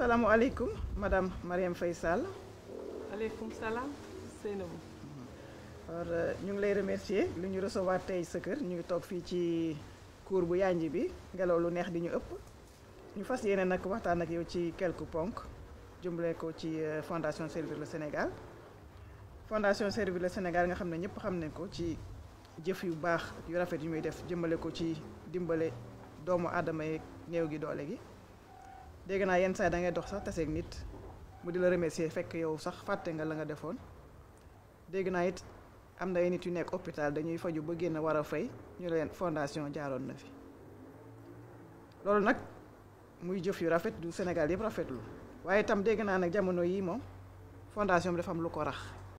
Assalamu alaikum, Madame Mariam Faisal. Alaikum salam, seno. Or uh, ñu ngi lay remercier lu ñu recevoir tey sa kër ñu ngi toog ci cour bu yanj bi ngelaw lu neex di ñu ëpp ñu fas yéene nag waxtaan ak yow ci quelques ponk jëmbale ko ci euh, fondation servir le Sénégal fondation servir le Sénégal nga xam ne ñëpp xam ko ci jëf yu baax yu rafet yu muy def jëmbale ko ci dimbale doomu aadama yeeg gi doole gi dégg naa yenn saa da ngay dox sax taseeg nit mu di la remercier fekk yow sax fàtte nga la nga defoon dégg naa it am na ay nit yu nekk hôpital dañuy faju ba génn war a fay ñu leen fondation jaaroon na fi loolu nag muy jëf yu rafet du Sénégal yëpp rafetlu waaye itam dégg naa nag jamono yii moom fondation dafa am lu ko rax